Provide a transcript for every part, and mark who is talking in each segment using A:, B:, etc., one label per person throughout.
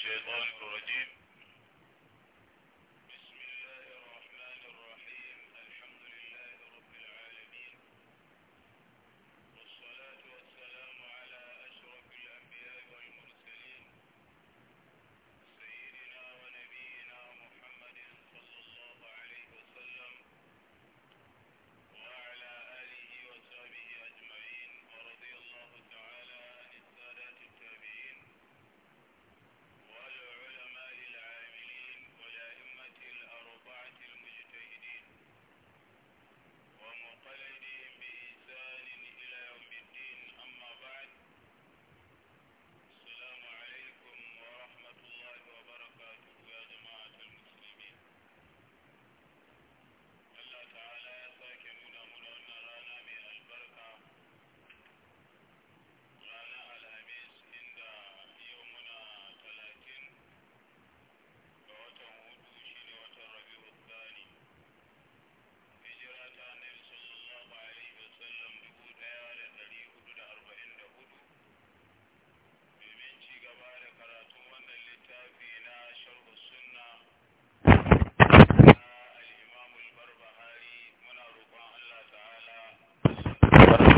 A: الشیطان الرجیم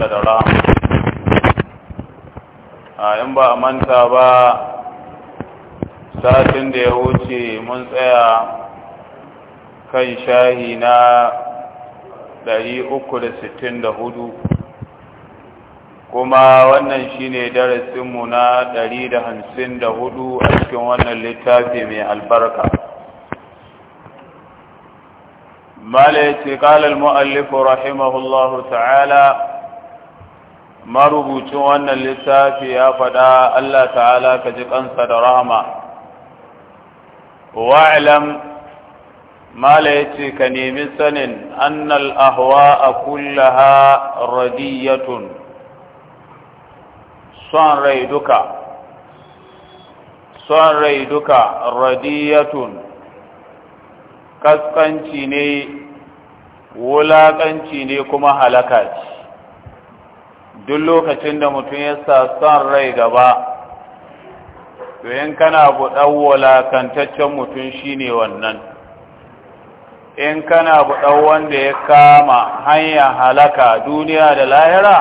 A: da ra a in ba a manta ba satin da ya wuce mun tsaya kan shahi na
B: 364 kuma wannan shine darasinmu na 154 a cikin wannan littafi mai albarka mala ya ce ƙalar mu'allifu rahimahullahu ta'ala marubucin wannan littafi ya faɗa Allah ta'ala ka ji kansa da rahama wa'alam mala yace ka nemi sanin annal ahwa kullaha radiyatun son rai duka son rai duka radiyatun kaskanci ne wulaƙanci ne kuma halaka duk lokacin da mutum ya sa son rai gaba to in kana buɗan walakantaccen mutum shine wannan in kana buɗan wanda ya kama hanya halaka duniya da lahira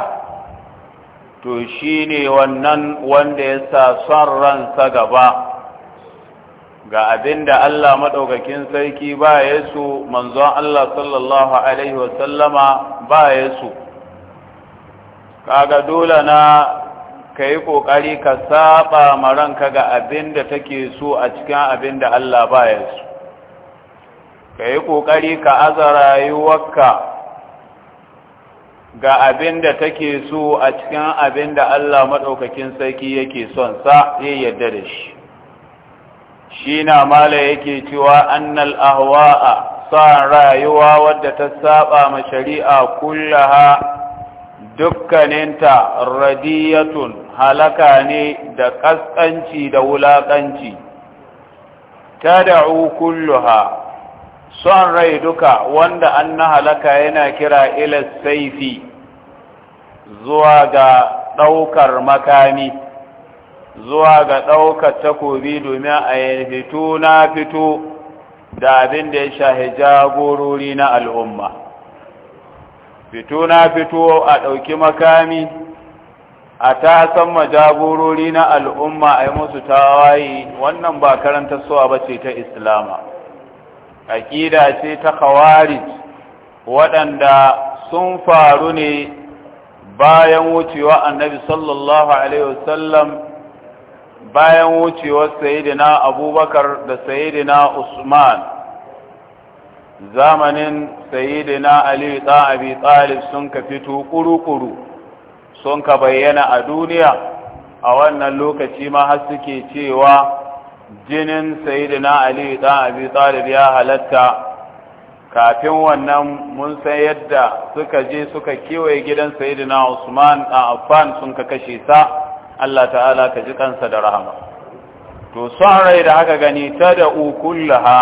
B: to shine wannan wanda ya sa son ransa gaba ga abin da Allah maɗaukakin sarki ba ya su manzon Allah sallallahu Alaihi wasallama ba ya su kaga dole na ka yi ƙoƙari ka saba maranka ga abin da take so a cikin abin da Allah baya su ka yi ƙoƙari ka aza rayuwarka ga abin da take so a cikin abin da Allah maɗaukakin sarki yake son sa ya yarda da shi shi na mala yake cewa annal a sa rayuwa wadda ta saba ma shari'a kullaha dukkaninta radiyatun halaka ne da ƙasƙanci da wulaƙanci ta da'u kulluha son rai duka wanda an na halaka yana kira ilas saifi zuwa ga ɗaukar makami zuwa ga ɗaukar takobi domin a yi fito na fito da abin da ya shahi jagorori na al'umma fito na fito a ɗauki makami a ta san majagorori na al'umma a yi musu tawaye wannan ba karanta suwa ba ce ta islama aƙida ce ta khawarij waɗanda sun faru ne bayan wucewa annabi sallallahu alaihi wasallam bayan wucewa sayidina abubakar da sayidina usman zamanin sayyidina ali da abi talib sun ka fito kuru-kuru sun ka bayyana a duniya a wannan lokaci ma har suke cewa jinin sayyidina ali da abi talib ya halatta kafin wannan mun san yadda suka je suka kewaye gidan sayyidina usman a affan sun ka kashe sa Allah ta'ala ka ji kansa da rahama to son rai da haka gani ta da ukullaha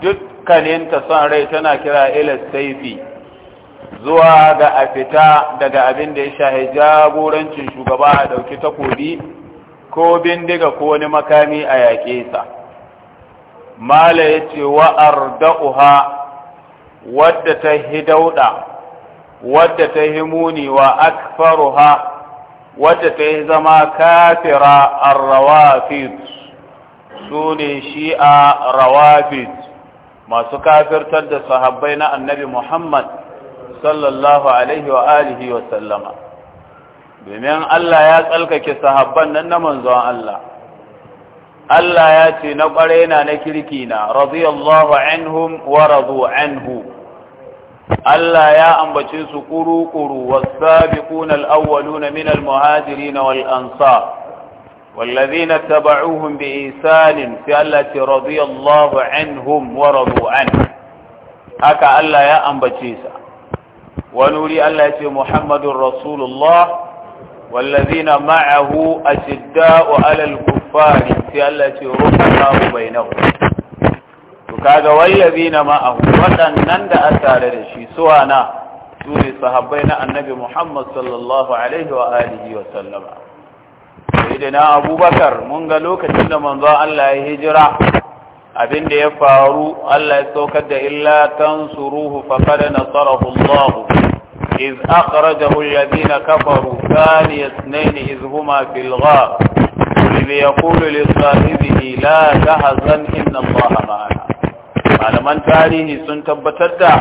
B: duk dukkaninta son rai tana kira ilas saifi zuwa ga a fita daga abin da ya shahi jagorancin shugaba a ɗauki takobi ko bindiga ko wani makami a yaƙe sa mala ya ce wa'ar da'uha wadda ta hi wadda ta yi muni wa akfaruha wadda ta yi zama kafira a rawafis su ne shi a rawafid masu kafirtar da sahabbai na annabi Muhammad sallallahu alaihi wa alihi wa sallama domin Allah ya tsalkake sahabban nan na manzon Allah Allah ya ce na ƙware na na kirki na radiyallahu anhum wa radu anhu Allah ya ambace su kuru-kuru wasabiquna al-awwaluna min al-muhajirin wal ansar والذين اتبعوهم بإحسان في التي رضي الله عنهم ورضوا عنه هكا ألا يا أنبتيسا ونولي التي محمد رسول الله والذين معه أشداء على الكفار في التي رحمه بينهم kaga wallazina ma'ahu waɗannan da a tare da shi suwa na su ne sahabbai na annabi Muhammad sallallahu alaihi wa alihi wa sallama Saidina abubakar mun ga lokacin da manzon Allah ya hijira Abinda ya faru Allah ya saukar da illa tansuruhu faqad nasarahu Allah iz akhrajahu alladhina kafaru thani ithnain iz huma fil ghar idh yaqulu li sahibihi la tahzan inna Allah ma'ana malaman tarihi sun tabbatar da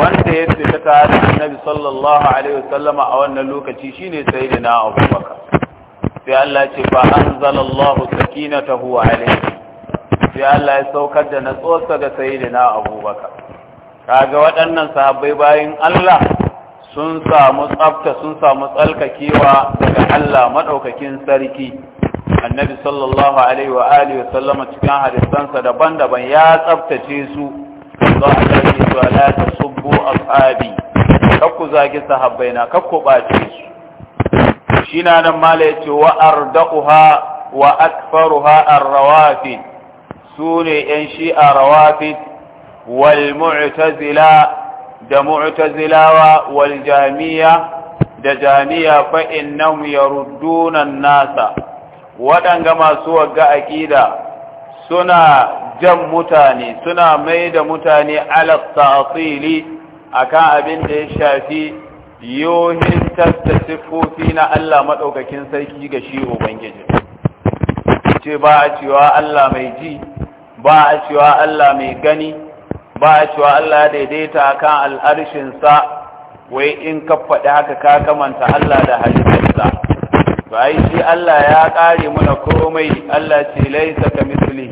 B: wanda ya fita tare da Annabi sallallahu alaihi wasallama a wannan lokaci shine sayyidina Abubakar sai Allah ce fa anzalallahu sakinatahu alayhi sai Allah ya saukar da natsuwarsa ga sayyidina Abubakar kaga waɗannan sahabbai bayin Allah sun samu tsafta sun samu tsalkakewa daga Allah madaukakin sarki annabi sallallahu alaihi wa alihi sallama cikin hadisansa daban-daban ya tsaftace su za a tsarki su ala ta subbu ashabi kakku zagi sahabbaina kakku ba su shi na nan mala wa arda'uha wa akfaruha ar-rawafid su ne yan shi'a rawafid wal mu'tazila da mu'tazilawa wal jami'a da jami'a fa innahum ya an-nasa waɗanga masu wagga aƙida suna jan mutane suna mai da mutane ala ta'atili akan abin da ya shafi yohin tasta siffofi na Allah maɗaukakin sarki ga shi Ubangiji. Ce ba a cewa Allah mai ji, ba a cewa Allah mai gani, ba a cewa Allah ya daidaita kan al'arshinsa, wai in ka faɗi haka ka kamanta Allah da halittarsa. Ba yi shi Allah ya ƙare muna komai Allah ce laisa ka mislihi.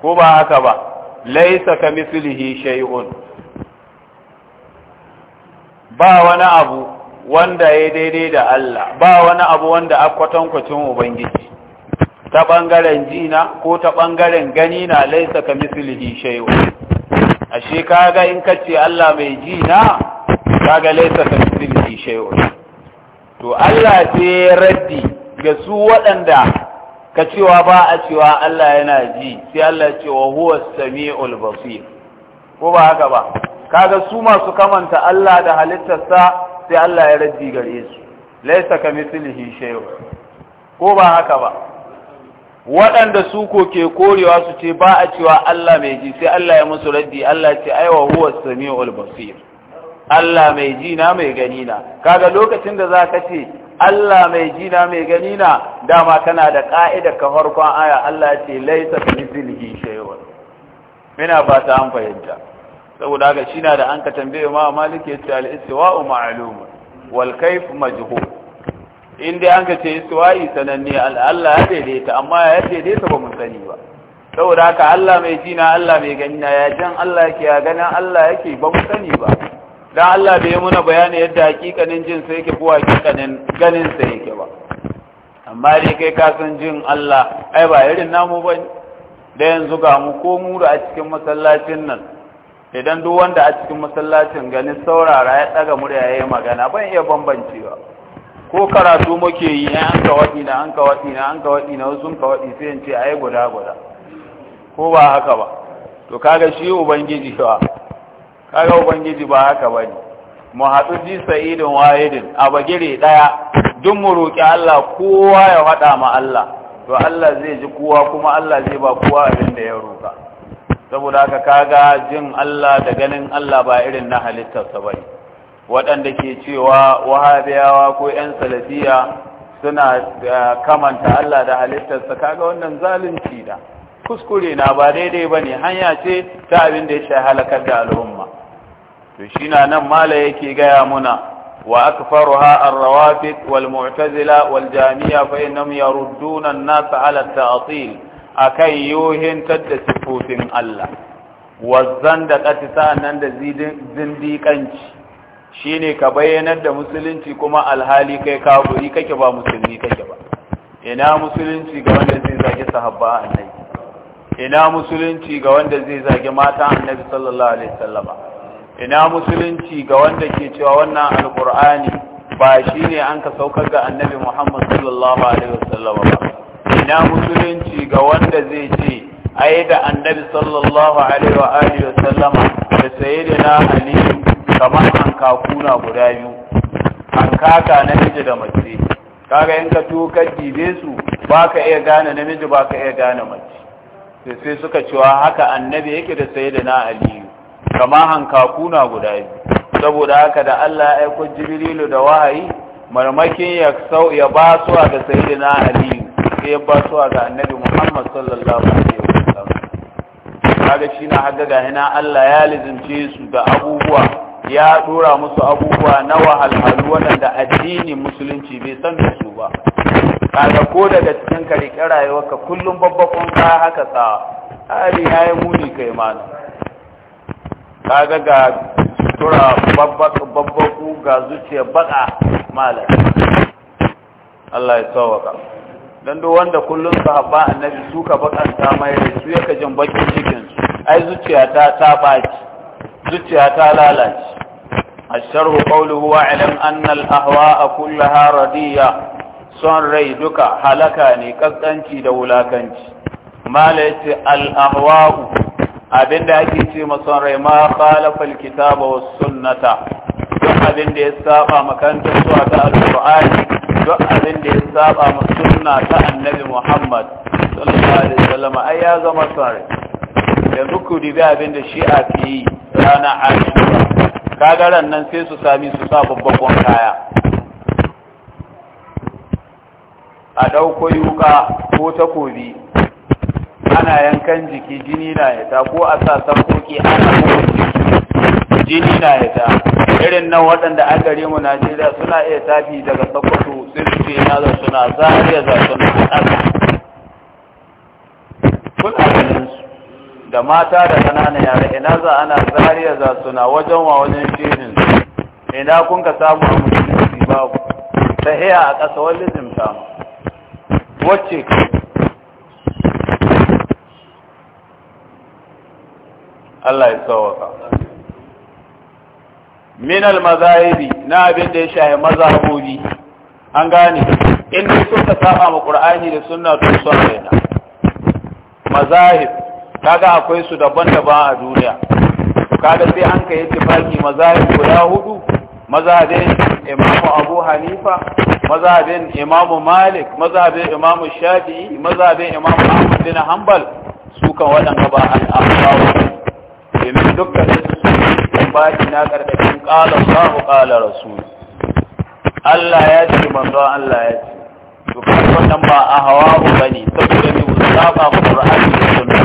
B: Ko ba haka ba, laisa ka mislihi shay'un. ba wani abu wanda ya daidai da Allah ba wani abu wanda akwatan kwacin ubangiji ta ɓangaren jina ko ta ɓangaren gani na laisa ka mislihi a ashe kaga in kace Allah mai jina kaga laisa ka mislihi shay'u to Allah ce raddi ga su waɗanda ka cewa ba a cewa Allah yana ji sai Allah ce wa huwa samiul basir ko ba haka ba kaga su masu kamanta Allah da halittarsa sai Allah ya raddi gare su laisa ka mislihi shay'un ko ba haka ba waɗanda su ko ke korewa su ce ba a cewa Allah mai ji sai Allah ya musu raddi Allah ce aiwa huwa samiul basir Allah mai ji na mai gani na kaga lokacin da zaka ce Allah mai ji na mai gani na dama kana da ka'ida ka farkon aya Allah ce laisa ka mislihi shay'un muna ba ta an fahimta saboda haka shi na da an ka tambaye ma maliki ya ce al-istiwa'u ma'lum wal kayf majhul in dai an ka ce istiwa'i sananne Allah ya daidaita amma ya daidaita ba mun sani ba saboda haka Allah mai jina, na Allah mai gani na ya jan Allah yake ya ganin Allah yake ba mun sani ba dan Allah bai muna bayani yadda hakikanin jin sa yake ko hakikanin ganin sa yake ba amma dai kai ka san jin Allah ai ba irin namu ba da yanzu ga mu ko mu da a cikin masallacin nan idan duk wanda a cikin masallacin ganin saurara ya daga murya yayin magana ban iya bambancewa ko karatu muke yi ya an kawadi na an kawadi na an kawadi na wasu kawadi sai in ce ai guda guda ko ba haka ba to kaga shi ubangiji ba kaga ubangiji ba haka ba ne mu haɗu ji sa'idin wahidin a bagire ɗaya duk mu roƙi Allah kowa ya faɗa ma Allah to Allah zai ji kowa kuma Allah zai ba kowa abin da ya roƙa saboda haka kaga jin Allah da ganin Allah ba irin na halittarsa ba waɗanda ke cewa wahabiyawa ko 'yan salafiya suna eh, kamanta Allah da halittarsa kaga wannan zalunci da kuskure na ba daidai ba ne hanya ce ta abin da ya sha halakar da al'umma to shi na nan mala yake gaya muna wa jami'a, wal والمعتزلة والجامية فإنهم يردون nasa ala التعطيل akan yohintar da sifofin Allah wazzan da ƙatisa nan da zindiƙanci shine ka bayyanar da musulunci kuma alhali kai kaburi kake ba musulmi kake ba ina musulunci ga wanda zai zage sahabba annabi ina musulunci ga wanda zai zage mata annabi sallallahu alaihi wasallama ina musulunci ga wanda ke cewa wannan alqur'ani ba shine an ka saukar ga annabi Muhammad sallallahu alaihi wasallama ba ina musulunci ga wanda zai ce ai da annabi sallallahu alaihi wa alihi wa sallama da sayyidina ali kamar an kakuna guda biyu an kaka namiji da mace kaga in ka tukar dibe su baka iya gane namiji baka iya gane mace sai sai suka cewa haka annabi yake da sayyidina ali kamar hankakuna guda biyu saboda haka da Allah ya aiko Jibrilu da wahayi marmakin ya sau ya ba su ga sayyidina Ali sai ya ba su ga annabi Muhammad sallallahu alaihi wasallam kaga shi na haga ga hina Allah ya lizince su da abubuwa ya dora musu abubuwa na wahalhalu wanda addinin musulunci bai san da su ba kaga ko daga cikin kare riƙe kullum babbakon ka haka sa hali ya muni kai ma kaga ga tura babbaku ga zuciya baka malam Allah ya tsawaka. dan duk wanda kullun sahabba annabi su ka bakanta mai da su yaka jin bakin cikin su ai zuciya ta ta baki zuciya ta lalace asharhu qawluhu wa alam anna al ahwa'a kullaha radiya son rai duka halaka ne kaskanci da wulakanci mala yace al ahwa'u abinda ake ce ma son rai ma khalafa al kitaba was sunnata duk abin da ya saba makanta zuwa ta qurani duk abin da ya saba ma sunna ta annabi Muhammad sallallahu alaihi wasallam ai ya zama sare yanzu ku dibi abin da shi ke yi rana Ashura kaga ran nan sai su sami su sa babban kaya a ɗauko yuka ko takobi ana yankan jiki jini na ya ta ko a sa sarkoki ana jiki jini na ta irin nan waɗanda an gare mu Najeriya suna iya tafi daga sabbatu sun su ce na suna zariya za su suna haka kuna ganin su da mata da ƙananan yara ina za ana zariya za suna wajen wa wajen shirin ina kun ka samu a musulunci babu ta a ƙasa wani zimta wacce ka Allah ya tsawaka. min almazahibi na abin da ya shahi mazhabobi an gane in dai suka saba ma qur'ani da sunna to su raina mazahib kaga akwai su daban-daban a duniya kaga sai an kai ittifaki mazahib guda hudu mazhabin imamu abu hanifa mazhabin imamu malik mazhabin imamu shafi'i mazhabin imam ahmad bin hanbal su kan waɗanda ba al'afawa domin dukkanin su baki na karkashin qala Allahu ƙala rasu. Allah ya ce manzo Allah ya ce to wannan ba a hawa bane saboda ni usaba Qur'ani da sunna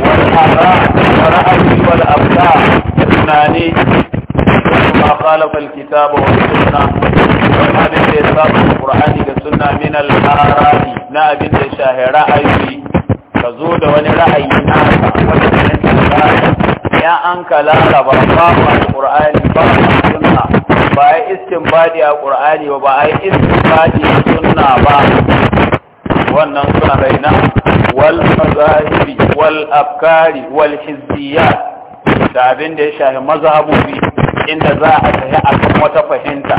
B: wal ara ra'ayi wal abda tunani ma khalafa al-kitab wa sunna wannan da ya saba Qur'ani da sunna min al-arari na abin da shahira ayi ka zo da wani ra'ayi na wani ya an kalala ba ba ba qur'ani ba sunna ba ai istinbadi a qur'ani ba ba ai istinbadi sunna ba wannan suna raina wal mazahibi wal afkari wal hizbiyat da abin da ya shafi mazhabobi inda za a tafi akan wata fahimta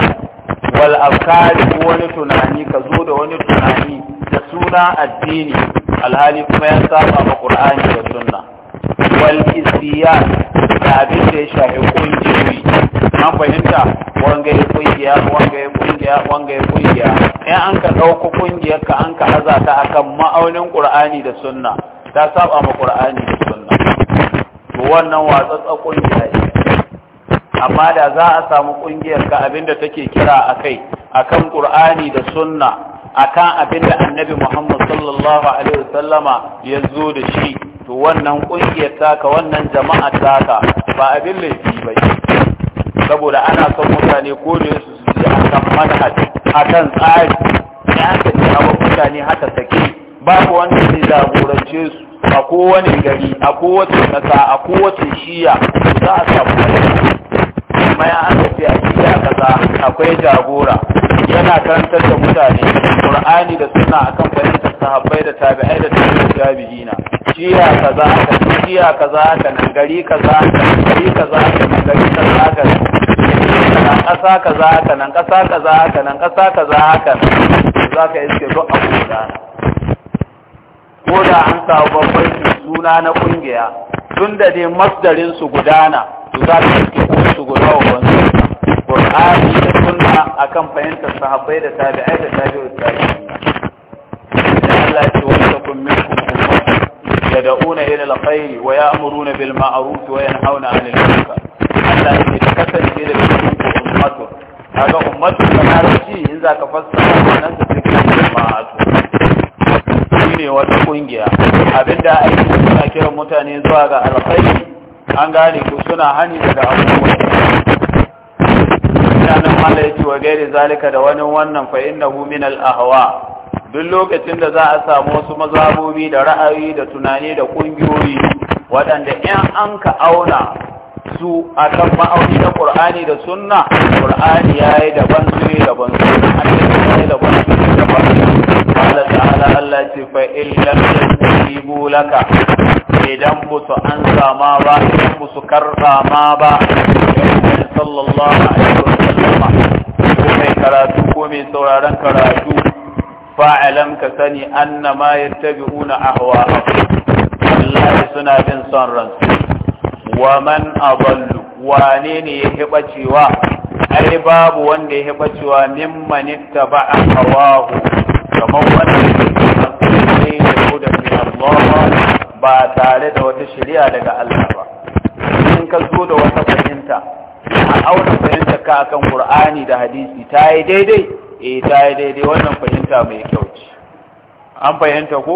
B: wal afkari ko wani tunani ka zo da wani tunani da suna addini alhali kuma ya saba ma qur'ani da sunna wal isiya da abin da ya shafi kungiyoyi an fahimta wanga ya kungiya wanga ya kungiya wanga ya kungiya in an ka ɗauko kungiyar ka an ka haza ta akan ma'aunin qur'ani da sunna ta saba ma qur'ani da sunna to wannan watsatsa kungiya amma da za a samu kungiyar ka abinda take kira akai akan qur'ani da sunna akan da annabi Muhammad sallallahu alaihi wasallama ya zo da shi to wannan kungiyar taka wannan jama'a taka ba abin laifi ba saboda ana son mutane ko da su ji akan manhaj akan tsari ya ka tsaba mutane haka take babu wanda zai jagorance su a kowane gari a kowace nasa, a kowace shiya za a samu malamai an ce a gida kaza akwai jagora yana karantar da mutane qur'ani da sunna akan fahimtar sahabbai da tabi'ai da tabi'ina jiya kaza aka jiya kaza aka nan gari kaza aka gari kaza aka nan gari kaza aka nan kasa kaza aka nan kasa kaza aka nan kasa kaza aka nan ka iske zo a gudana ko da an samu babban suna na kungiya tun da dai masdarin su gudana to za su yi su guda wa wani ƙur'ani da sunna akan fahimtar sahabbai da tabi'ai da tabi'u tabi'in Allah ya ce wa takum minkum yad'una ila al-khayr wa ya'muruna bil ma'ruf wa yanhauna 'anil munkar Allah ya ta kasance da ummatu kaga ummatu na shi in za ka fassara wannan da cikin jama'atu ne wata kungiya abinda aiki suna kiran mutane zuwa ga alkhairi an gane ku suna hani daga abubuwan nan mala ya ce wa gairi zalika da wani wannan fa innahu min al duk lokacin da za a samu wasu mazabobi da ra'ayi da tunani da ƙungiyoyi. waɗanda in an ka auna su a kan ma'auni na ƙur'ani da sunna ƙur'ani ya yi daban su yi daban su ya yi daban su yi daban su Allah ta'ala Allah ce fa laka idan musu an sama ba idan musu karba ma ba sallallahu alaihi wasallama ko mai karatu ko mai sauraron karatu fa'alam ka sani anna ma yattabi'una ahwa'ahum wallahi suna bin son ransu wa man adallu wane ne ya hiɓa cewa ai babu wanda ya hiɓa cewa min mimman ittaba'a hawahu kamar wanda ya hiba cewa da fi Allah ba tare da wata shari'a daga Allah ba in ka zo da wata fahimta a auna fahimta ka akan Qur'ani da hadisi ta yi daidai eh ta yi daidai wannan fahimta mai kyau ce an fahimta ko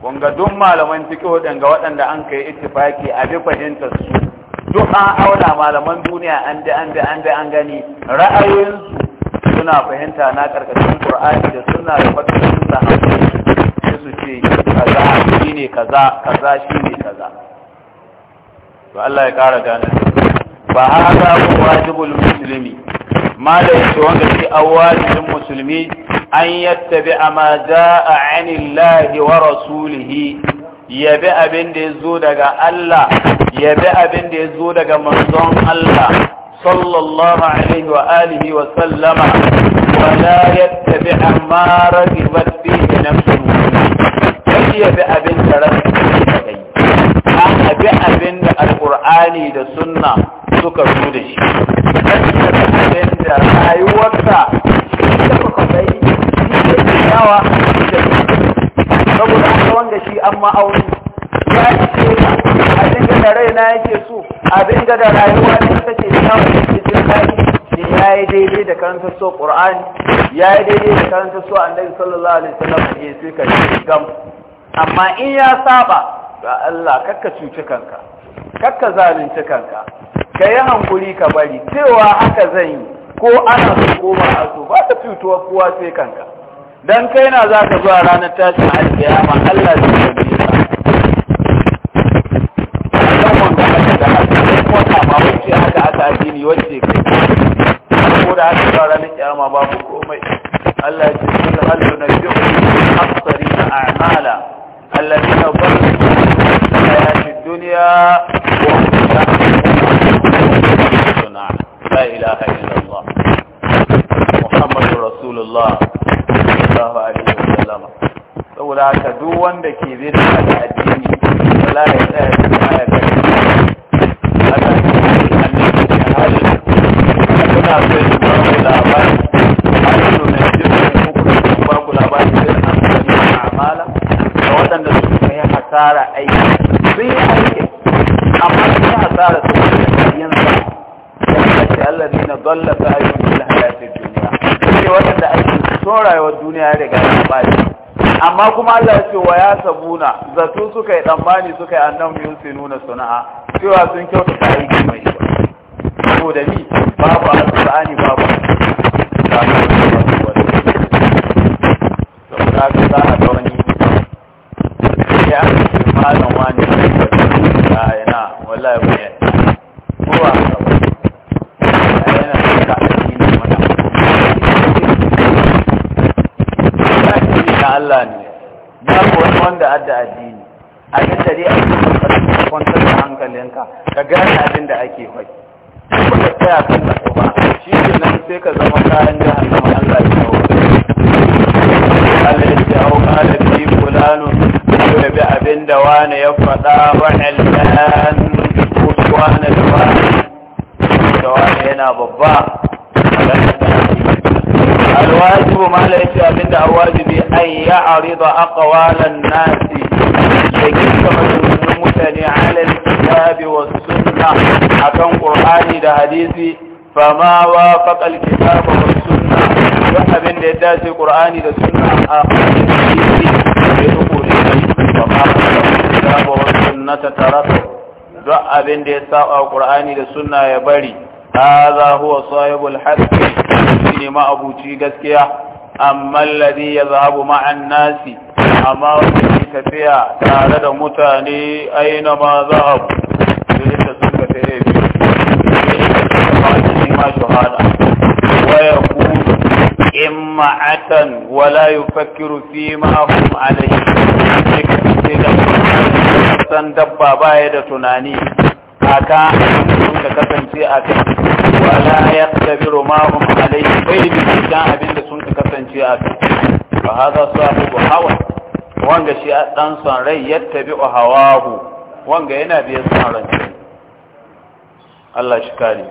B: kun ga duk malaman fiqh ga waɗanda an kai ittifaki a bi fahimtar su duk an auna malaman duniya an da an da an da an gani ra'ayoyinsu suna fahimta na karkashin Qur'ani da sunna da fatawa da su ce kaza shine kaza kaza shine kaza to Allah ya kara gane fa hada wajibul muslimi malai to wanda shi awajibin musulmi an yattabi'a ma jaa anillahi wa rasulihi yabi abin da yazo daga Allah yabi abin da yazo daga manzon Allah sallallahu alaihi wa alihi wa sallama wa la yattabi'a ma ragibat Qur'ani da sunna suka zo da shi dan da rayuwarsa da kuka bai shi da yawa saboda aka wanga shi amma aure ya ce abin da raina yake so abin da rayuwa ne take yawa take jin daɗi ya yi daidai da karanta so ƙur'ani ya yi daidai da karanta so annabi sallallahu alaihi wasallam ya sai ka gam amma in ya saba ga Allah kakka cuci kanka kakka zalunci kanka ka yi hankuri ka bari cewa haka zan yi ko ana su koma a su ba ta fitowa kowa sai kanka dan kai na za ka zuwa ranar tashin alkiyama Allah zai yabe ka don wanda aka da haka ko ta ma wace haka aka addini wace kai ko da haka zuwa ranar kiyama babu komai Allah ya ce kullu hal nabiyyu asrina a'mala alladhina dhallu الدنيا لا إله إلا الله محمد رسول الله صلى الله عليه وسلم saboda haka duk wanda ke zai da addini wala ya tsaya da ya ga haka ne annabi ya hali kuna
C: so ku ba ku labari ayyuka ne ku ku ba ku labari da amana da waɗanda
B: suka yi hasara aiki na dalla ta yi fil hayatid dunya sai wanda ake so rayuwar duniya ya riga ya baci amma kuma Allah ya ce wa ya sabuna zato suka yi tsammani suka yi annan nuna sana'a cewa sun kyauta aiki mai kyau saboda ni babu alqur'ani babu saboda ga za a ga wani
C: ya ce malam wani ya na wallahi
B: Allah ne wani wanda adda addini abin da dai ake kwantar da hankalinka ka gane abin da ake faɗi ba ka tsaya kan ka ba shi ne nan sai ka zama kayan jihar Allah ya kawo Allah ya hau kalabi fulanun ya bi abin da wani ya faɗa ba ilman kusurwa wani da wani da wani yana babba a ganin da ake alwajibu mala yace abinda alwajibi an ya'rida aqwalan nasi yakinka maganganun mutane ala alkitabi was sunna akan qur'ani da hadisi Fa fama wafaqa alkitaba was sunna abin da ya dace qur'ani da sunna a hadisi ya dukure shi fama wafaqa alkitaba was sunna taraka abin da ya saba qur'ani da sunna ya bari هذا هو صاحب الحق شيني ما أبوتي قسكيا أما الذي يذهب مع الناس أما وكي تفيا تارد متاني أينما ذهب بلت سنة إيبي ما شهادة ويقول إمعة ولا يفكر فيما هم عليه سندبا بايدة نانيه aka da kasance a kai wala ya tabiru ma hum alai bai bi dan abin da sun kasance a kai fa hada sahibu hawa wanga shi a dan son rai yattabi'u hawahu wanga yana biyan son rai Allah shi kare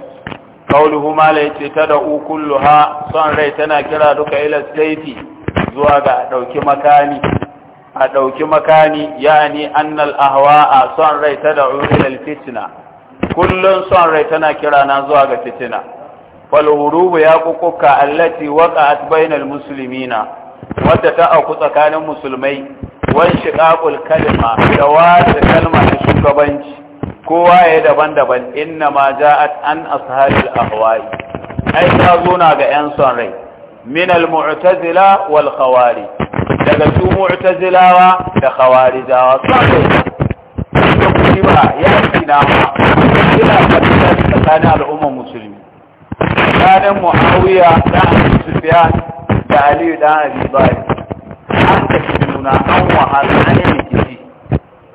B: kauluhu ma la da tad'u kulluha son rai tana kira duka ila sayfi zuwa ga dauki Makani. a ɗauki makani ni annal a son rai ta da'u ila fitna kullun son rai tana kira na zuwa ga fitina falhurubu ya kukuka allati waqa'at bainal musulmina wadda ta auku tsakanin musulmai wan shiqaqul kalma da wata kalma ta shugabanci kowa ya daban-daban inna ma ja'at an ashabil ahwa'i ai ta zuna ga yan son rai Minal mu'tazila wal khawari daga su mu'tazilawa da khawarijawa sai ni ba ya ci na ba da tsakanin al'ummar musulmi tsakanin muawiya da sufiya da aliyu da abi bayi an ta ci nuna an wahala an yi rikici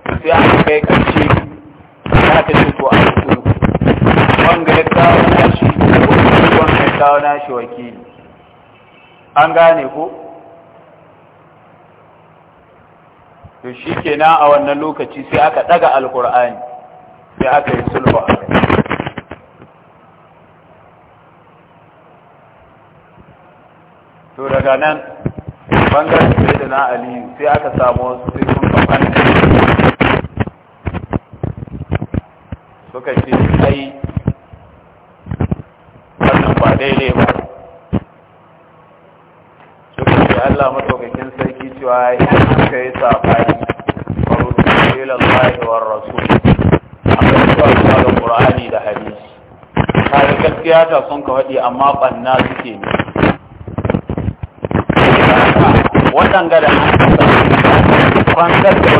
B: sai an kai karshe ya ta ce to an kuru wanga ya kawo nashi wanga ya kawo nashi wakili an gane ko to shi kenan a wannan lokaci sai aka ɗaga alƙur'ani sai aka yi sulhu to daga nan bangaren sai da na aliyu sai aka samu wasu sai sun kafan suka ce sai wannan ba daidai ba tiyata sun ka faɗi amma ɓanna suke ne wannan da kwanzar da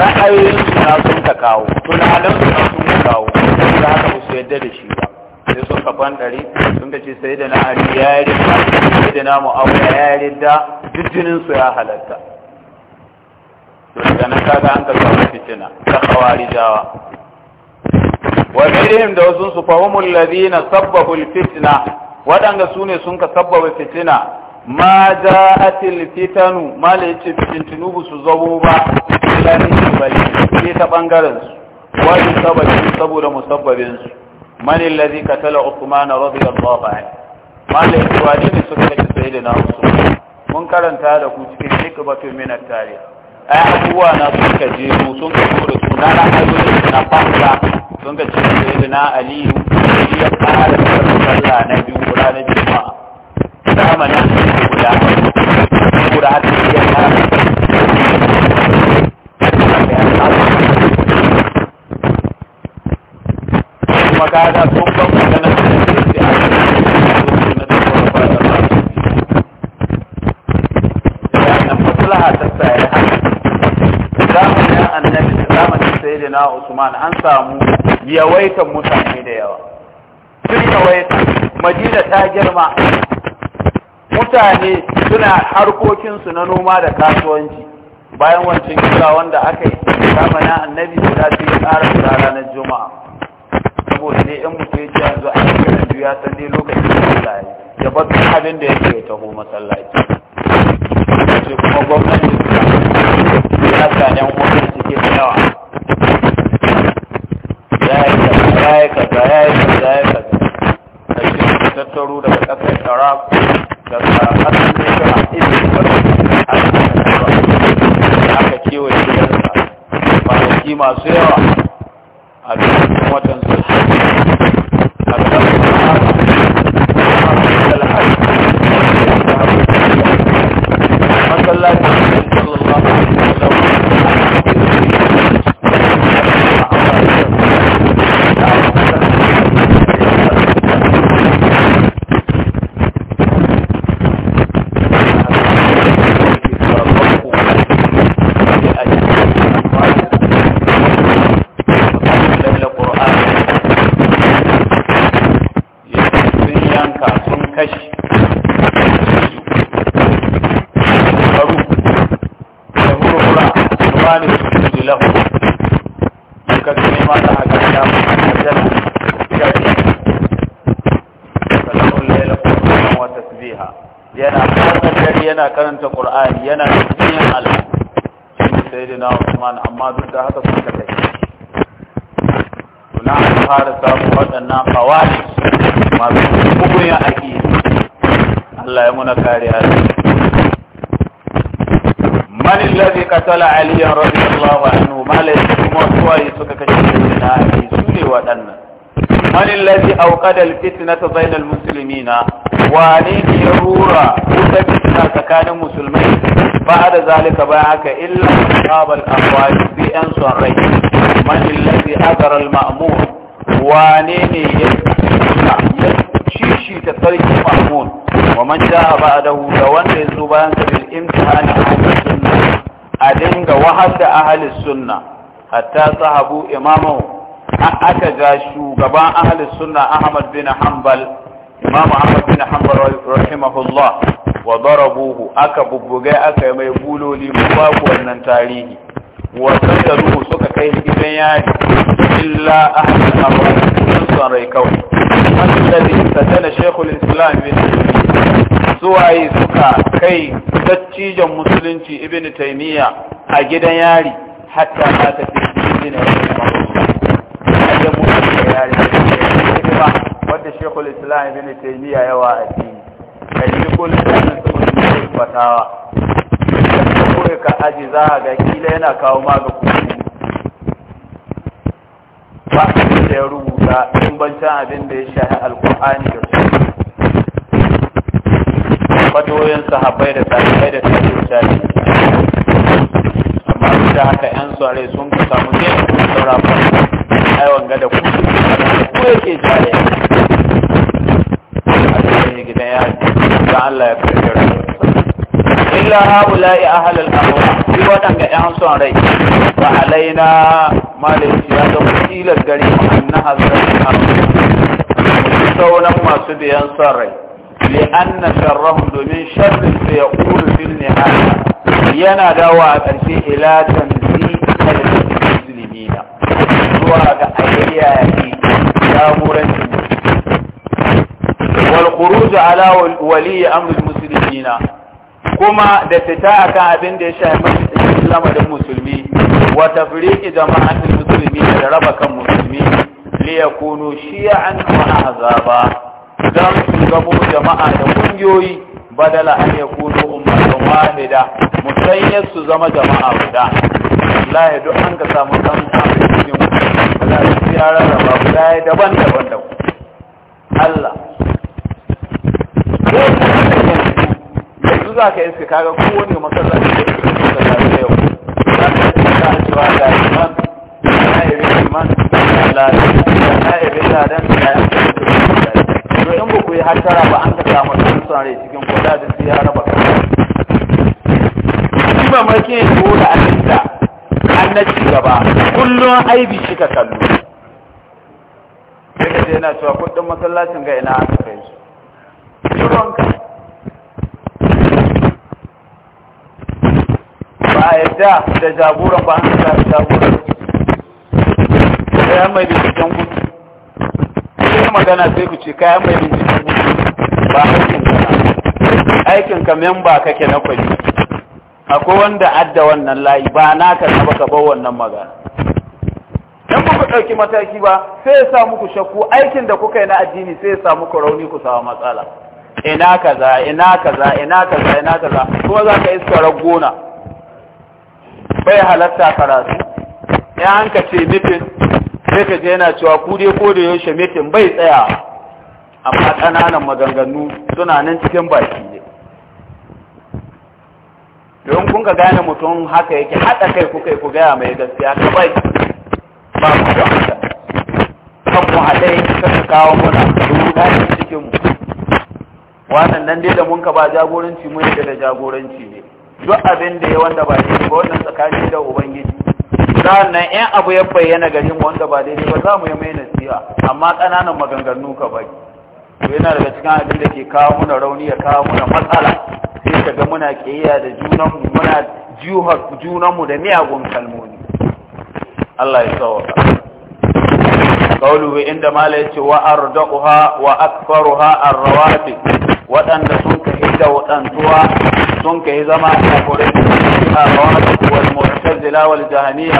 B: ra'ayoyin su na sun ka kawo tunanin na sun ka kawo da haka ba su yadda da shi ba sai sun ka ɗari sun ka ce sai da na ali ya yi rinda sai da na mu'awar ya yi rinda jijjininsu ya halatta to daga nan kaga an ka samu fitina ta kawari jawa wa bihim da wasu su fahumul ladina sabbabu fitna wadanga sune sun ka sabbaba fitina ma ja'atil fitanu malaice fitintunu su zabo ba lani bali ke ta bangaren su wani sababi saboda musabbabin su man allazi qatala uthman radiyallahu anhu malaice wani ne suka kace sayyidina usman mun karanta da ku cikin hikmatu min at-tarikh ai abubuwa na sun ka je mu sun ka zo da su na na na fasa sun ka ce sai na aliyu shi ya fara da sallah na biyu na juma'a zamanin guda guda har sai ya fara
C: kuma kaga da
B: sayyidina Usman an samu yawaitan mutane da yawa sun yawaita Madina ta girma mutane suna harkokinsu na noma da kasuwanci bayan wancan kira wanda aka yi zamanin annabi da su yi ƙarar da ranar juma'a saboda dai yan mutu ya ce yanzu a cikin biyu ya san lokacin da ya bar duk abin da yake ya taho masallaci ce kuma gwamnati ya sa yan wani da yawa ya yi kaza ya yi kaza ya yi kaza da shi su tattaro daga ƙasar iraq
A: daga ƙasar misira izini aka kewaye gidansa kwanaki masu yawa a cikin watan sulhari
C: kashi faru
B: da hurhura ba ne su ji lahu suka su nema ta haka ya mutane gashi salamun laila kuma wata tasbiha yana karanta dare yana karanta qur'ani yana cikin Allah shi sayyidina Usman amma duk da haka suka tafi to na fara samu waɗannan kawai masu mugun ya aki Allah ya muna kariya Mani alladhi qatala aliyan radiyallahu anhu malaiku kuma suwaye suka kashe sayyidina ali su ne waɗannan man alladhi awqada alfitnata bainal muslimina wane ne ya rura wutar fitina tsakanin musulmai ba da zalika bayan haka illa ashabal amwali bi an son rai Mani alladhi adara al-ma'mur wane ne ya shishi ta sarki mahmud wa man ja'a ba'dahu da wanda yazo bayan sa bil imtihani ahli sunna a dinga wahal da ahli sunna hatta sahabu imamu aka ga shugaban ahli sunna ahmad bin hanbal imamu ahmad bin hanbal rahimahullah wa darabuhu aka bubuga aka yi mai buloli mu babu wannan tarihi wasan da ruhu suka kai gidan yari illa ahmad abu sun san rai kawai hasali sajana shekul islam ibn suwaye suka kai dattijan musulunci ibn taimiyya a gidan yari hatta na ta fi cikin da ya mutu da yari kuma wadda shekul islam ibn taimiyya yawa a cikin kai yi kullum da fatawa kawai ka aji za a ga kila yana kawo ma ga kuku ba a da ya rubuta in bancan abin da ya shahi alkur'ani da su fatoyin sahabbai da sahabbai da da shafi amma su da haka yan tsare sun ku samu ne saura ba aiwan gada ku ku yake jariya a cikin gidan yaji don Allah ya fi illa haula'i ahlal ahwa shi waɗanda yan son rai fa alaina malin ya ga mutila gari anna hazratu sauran masu biyan son rai li na sharrahum domin sharrin su yaqulu fil nihaya yana dawa a ƙarshe ila tanzi muslimina zuwa ga ayyayi jagorancin wal khuruj ala wali amr muslimina kuma da fita akan abin da ya shafi lamarin musulmi wa tafriqi jama'atul musulmi da raba kan musulmi li yakunu shi'an wa ahzaba dan su jama'a da kungiyoyi badala an yakunu ummatan wahida musayyar su zama jama'a guda wallahi duk an ka samu kan cikin wallahi ya rarraba guda daban-daban da Allah za ka iska kaga kowane masallaci da ta masallaci yau za ka iska ka cewa ga iman na iri iman na ladan na iri ladan na yi to in ba ku yi hattara ba an ka samu sun son rai cikin koda da su ya raba shi ba maki ne ko da an na ci gaba kullum aibi shi ka kallo sai ka ce yana cewa kudin masallacin ga ina an kai su. Da, da jagoran ba an da jagoran kayan mai binciken gudu sai magana sai ku ce kayan mai binciken gudu ba aikin ka aikin ka memba kake na kwali akwai wanda adda wannan layi ba naka na baka bar wannan magana dan ku ɗauki mataki ba sai ya sa muku shakku aikin da kuka yi na addini sai ya sa muku rauni ku samu matsala ina kaza ina kaza ina kaza ina kaza kuma za ka iska raggona bai halatta karatu ya an ka ce mitin sai ka je yana cewa ku dai ko da yaushe mitin bai tsaya amma ƙananan maganganu suna nan cikin baki ne don kun ka gane mutum haka yake haɗa kai ku kai ku gaya mai gaskiya ka bai ba mu da haka kan mu haɗai kan kawo muna dubu cikin mu wannan nan dai da mun ka ba jagoranci mun da jagoranci ne duk abin da ya wanda ba daidai ba wannan tsakani da ubangiji nan in abu ya bayyana gari mu wanda ba daidai ba za mu yi mai nasiha amma ƙananan maganganu ka bai to yana daga cikin abin da ke kawo muna rauni ya kawo muna matsala sai ka ga muna kiyaye da junan mu muna mu da miyagun kalmomi Allah ya sauka qawluhu inda mala yace wa ardaha wa akfaruha arrawati sun ka المنكه زما آه، والمعتزلة والجهنية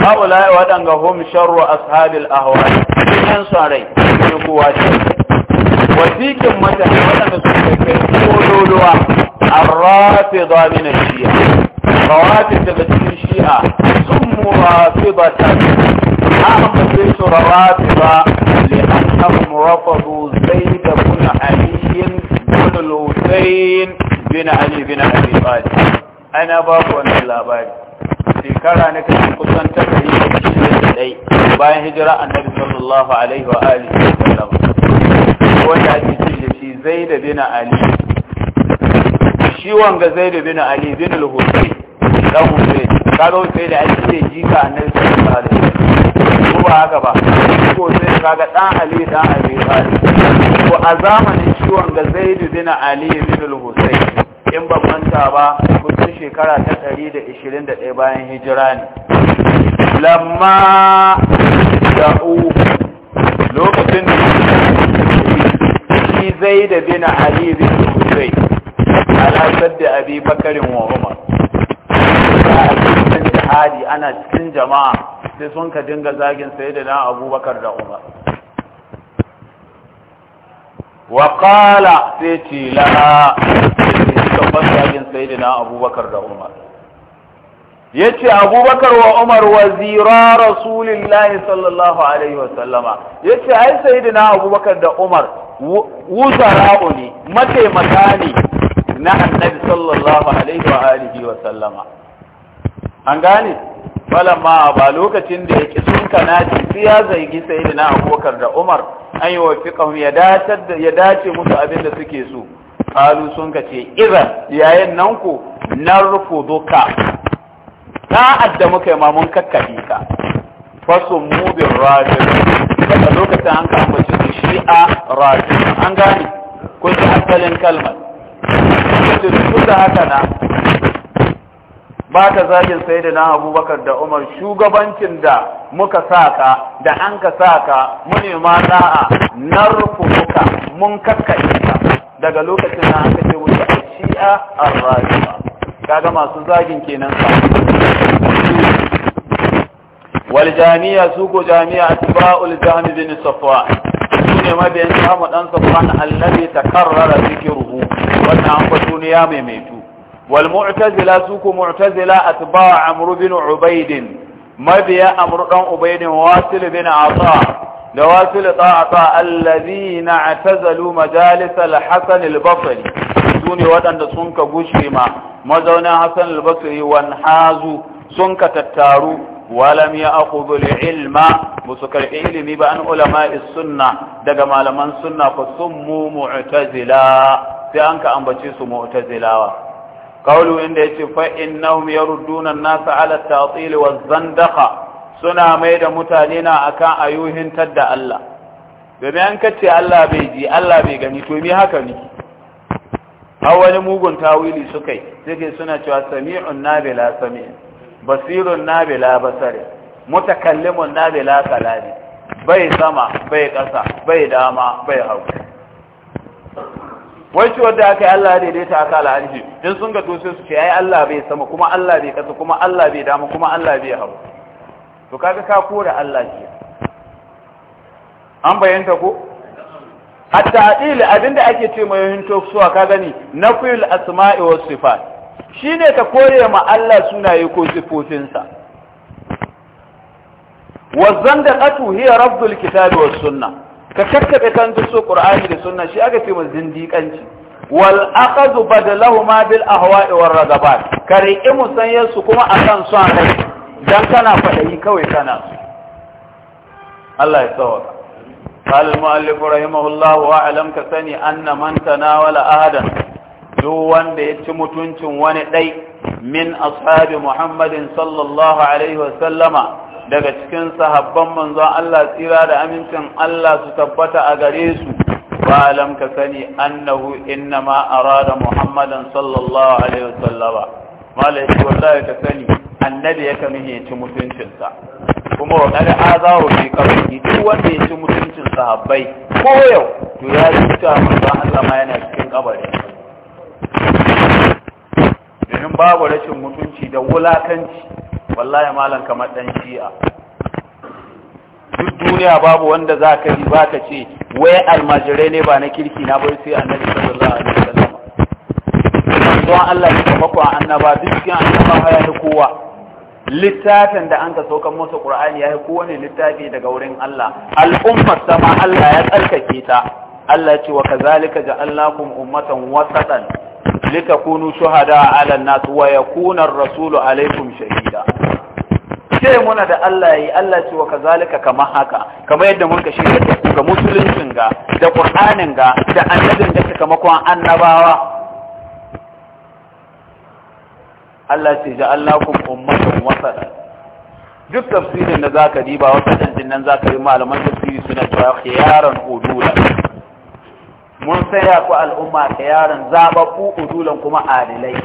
B: هؤلاء ودنهم شر أصحاب الأهواء من صاري من قواتي وذيك المتحة ودن سبك قولوا الرافضة من الشيعة رافضة من الشيعة ثم رافضة أهم بشر رافضة لأنهم رفضوا زيد بن علي بن الوسين bin Ali bin Abi Talib ana ba ku wannan labari shekara na kashi kusan ta ɗari da bayan hijira annabi sallallahu alaihi wa alihi wa sallam wanda ake ce da shi Zaid bin Ali shi wanga Zaid bin Ali bin al-Husayn dan Husayn kaga sai da ake jika annabi sallallahu alaihi wa sallam ko ba haka ba ko sai kaga dan ali dan ali ba ko a zamanin ciwon ga zaidu bin ali bin al-husayn in ba manta ba kusan shekara ta 121 bayan hijira ne lamma da'u lokacin da shi zaid bin ali bin al-husayn al-hasad da abi bakarin wa umar a cikin jihadi ana cikin jama'a sai sun ka dinga zagin sai da na abubakar da umar wa kala sai ce laha suka zagin sai da na abubakar da umar ya ce abubakar wa umar wazira rasulillahi sallallahu alaihi wasallama ya ce ai sai da abubakar da umar wuzara'u ne mataimaka ne na annabi sallallahu alaihi wa alihi wasallama an gane falamma ba lokacin da ya ki sun kanaci sai ya zargi sai na abokar da umar an yi wafiƙahun ya dace musu abin da suke so qalu sun ka ce yayin nan ku na ta adda muka ma mun kakkabe ka fasun mubin rajin daga lokacin an kama su shi'a rajin an gane kun ta asalin kalmar. Kusa haka na ba ta zagin sai da na abubakar da umar shugabancin da muka saka da an ka saka muni ma da'a na muka mun kakkace ka daga lokacin na an ce wuce a shi'a ar ka kaga masu zagin kenan sa wal jami'a su ko jami'a atba'ul jami bin su ne mabiyan samu dan Safwan allazi takarrara zikruhu wannan an fa duniya mai mai wal mu'tazila su ku mu'tazila atba amru bin ubaid mabiya amru dan ubaid wasil bin ata da wasil ta'ata alladhina atazalu majalis al-hasan al-basri sune wadanda sun ka gushe ma mazaunin hasan al-basri wan sun ka tattaru walam ya'khudhu al-ilma musukar ilimi ba an ulama'i sunna daga malaman sunna fa summu mu'tazila sai an ka ambace su mu'tazilawa قولوا إن فإنهم يردون الناس على التعطيل والزندقة سنا ميد متالينا أكا أيوهن تد الله بمعنى كتي الله بيجي الله بيغني تومي هكذا أول موغن تاويلي سكي سكي سنة سميع لا سميع بصير لا بصير متكلم لا كلامي بي سما بي ƙasa بي داما بي hauka wai ciwon da aka yi Allah ya daidaita aka al'arshi in sun ga sai su ce ai Allah bai sama kuma Allah bai kasa kuma Allah bai dama kuma Allah bai hau to kaga ka kora Allah ke an bayanta ko a ta'adil abinda ake ce mai hinto suwa ka gani fil asma'i was sifat shine ka kore ma Allah sunaye ko sa wa qatu hiya rabbul kitabi was sunnah ka kakkabe kan dusso qur'ani da sunna shi aka ce mu zindiƙanci wal aqadu badalahuma bil ahwa'i war ragabat ka riƙi musanyar su kuma akan son rai dan kana fadayi kawai kana Allah ya tsawaka قال المؤلف رحمه الله واعلم كسني ان من تناول احدا duk wanda ya ci mutuncin wani ɗai min ashabi Muhammadin sallallahu Alaihi wasallama daga cikin sahabban manzo Allah tsira da amincin Allah su tabbata a gare su ba alam ka sani annahu innama arada muhammadan sallallahu alaihi wasallam malaiku shi wallahi ka sani annabi ya kan ci mutuncinsa kuma wa kada azahu shi qabri duk wanda ya ci mutuncin sahabbai ko yau to ya cuta manzo Allah ma yana cikin kabari domin babu rashin mutunci da wulakanci wallahi malam kamar dan shi'a duk duniya babu wanda za ka yi ba ka ce wai almajirai ne ba na kirki na bai sai annabi sallallahu alaihi wasallam don Allah ya tabbata annaba duk cikin annaba ya kowa littafin da an ka saukan masa ƙur'ani ya yi kowane littafi daga wurin Allah al'ummar sama Allah ya tsarkake ta Allah ce wa kazalika ja'alnakum ummatan wasatan litakunu shuhada 'ala an-nas wa yakuna ar-rasulu 'alaykum shahida ce muna da Allah yi Allah ce wa kazalika kama haka kama yadda mun ka shirya da ga musuluncin ga da qur'anin ga da annabin da sakamakon annabawa Allah ce ja'alnakum ummatan wasata duk tafsirin da zaka diba wasan jinnan nan zaka yi malaman tafsiri suna cewa khiyaran udula mun saya ku al'umma khiyaran zababu udulan kuma adilai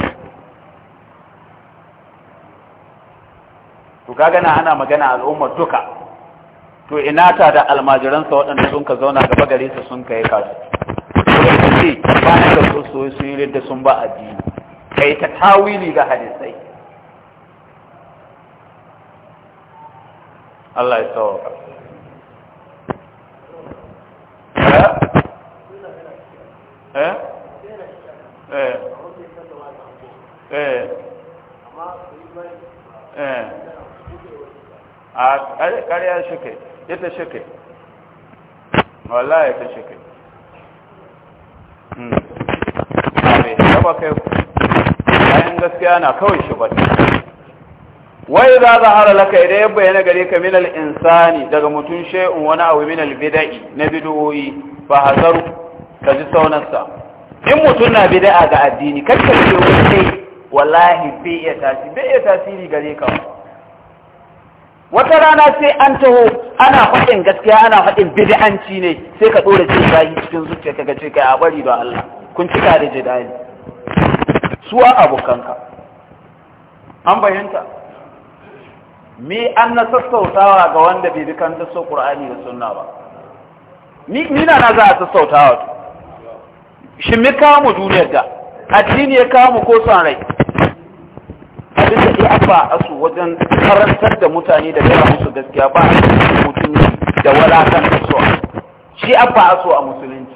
B: to kaga gana ana magana al'ummar duka to ina ta da almajiransa waɗanda sun ka zauna gaba gare su sun kai kasu sai bayan da su so sun yi da sun ba addini kai ta tawili ga hadisai Allah ya sauka eh eh eh eh, eh? a ƙarya shi ita shuke kai wallahi ita shuke hmm. kai ne taba kai bayan gaskiya na kawai shi ba wai za za hara laka idan ya bayyana gare ka minal insani daga mutum shay'un wani abu minal bida'i na bid'o'i fa hazaru ka ji saunarsa in mutum na bida'a ga addini kakkace wani wallahi bai iya bai iya tasiri gare ka wata rana sai an taho ana faɗin gaskiya ana faɗin bid'anci ne sai ka ɗora jin zahi cikin zuciya ka ce kai a bari da Allah kun cika da jidali su a abokanka an bayyanta me an na sassautawa ga wanda bai bi kanta so Qur'ani da sunna ba ni na na za a sassautawa shi me kawo mu duniyar da addini ya kawo mu ko son rai a su wajen karantar da mutane da gaya musu gaskiya ba mutum da walakan so shi afa su a musulunci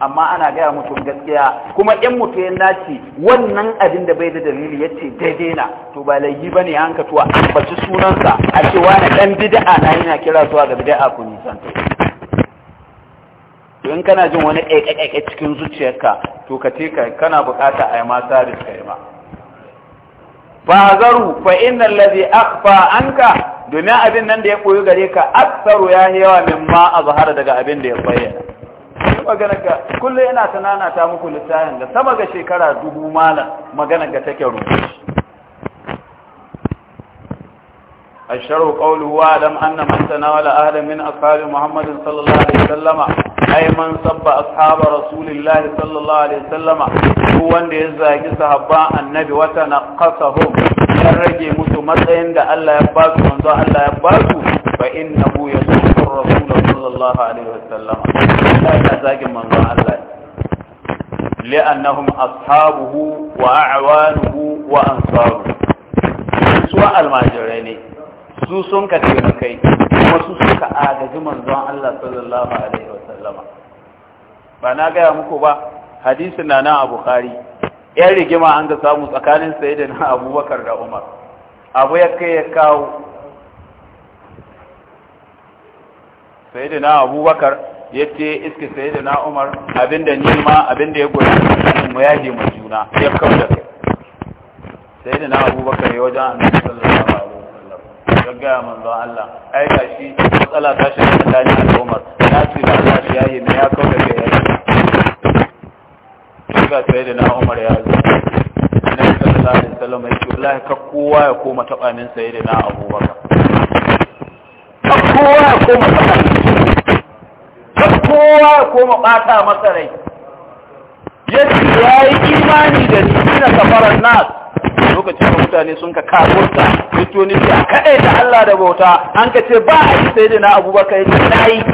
B: amma ana gaya mutum gaskiya kuma 'yan mutum ya nace wannan abin da bai da dalili ya ce daidai na to ba laifi ba ne an ka tuwa ambaci sunansa a cewa na ɗan bida'a na yana kira zuwa ga bida'a ku nisan to in kana jin wani ƙaiƙaƙaƙe cikin zuciyarka to ka ce kana buƙata a yi ma sabis ka yi ma fahazaru fa inna allazi akhfa anka domin abin nan da ya koyi gare ka aksaru ya yawa min ma azhara daga abin da ya bayyana magana ka kullu ina tanana ta muku littafin da sama ga shekara dubu malam magana ga take rubuce الشر قوله واعلم أن من تناول أهلا من أصحاب محمد صلى الله عليه وسلم أي من صب أصحاب رسول الله صلى الله عليه وسلم هو أن يزاكي صحباء النبي وتنقصهم يرجي متمتعين دا ألا يباسوا من ذا ألا يباسوا فإنه يسوق الرسول صلى الله عليه وسلم لا يزاكي من ذا الله لأنهم أصحابه وأعوانه وأنصاره سواء المهاجرين su sun ka taimakai kuma su suka agaji manzon Allah sallallahu alaihi wa sallama ba na gaya muku ba hadisi na nan a Bukhari yan rigima an ga samu tsakanin sayyidina Abubakar da Umar abu ya kai ya kawo sayyidina Abubakar yace iske sayyidina Umar abinda ni ma abinda ya goyi mu yaje mu juna ya kawo da sayyidina Abubakar ya wajen annabi sallallahu alaihi wa ya manzo Allah ai ga shi matsala ta shiga tsakanin al'ummar na ce da Allah shi yayi ne ya kauda ga yayi ga sai da na Umar ya zo Annabi sallallahu alaihi wasallam ya ce wallahi ka kowa ya koma tabanin sai da na Bakar ka kowa ya koma tabanin ka kowa ya koma bata masa rai yayi imani da ni na kafaran nas lokacin da mutane sun ka kafurta mutuni ya kaɗai da Allah da bauta an ka ce ba a yi sai da na abubakar ya na yi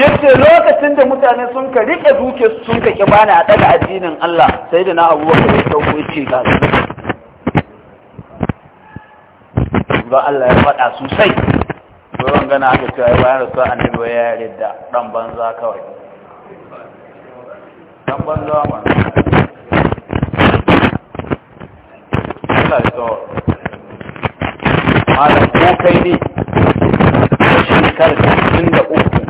B: yake lokacin da mutane sun ka riƙe duke sun ka ƙi bani a ɗaga addinin Allah sai da na abubakar ya sauko ya ce gasu ba Allah ya faɗa sosai ban gana aka cewa ya bayan rasuwa da ya yarda ɗan banza kawai. kan banza wa Allah ya malam ko kai ne ko shekara ashirin da uku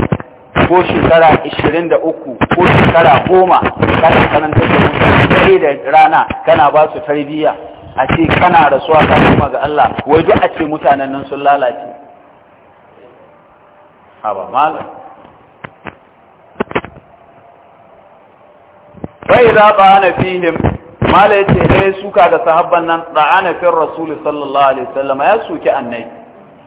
B: ko shekara ashirin da uku ko shekara goma kana karanta da sai da rana kana ba su tarbiyya a ce kana rasuwa ka kuma ga Allah wai duk a ce mutanen nan sun lalace. Haba malam. bai za ba'ana fihim mala ya ce ɗaya suka ga sahabban nan ɗa'ana fin rasuli sallallahu alaihi wasallam ya suke annai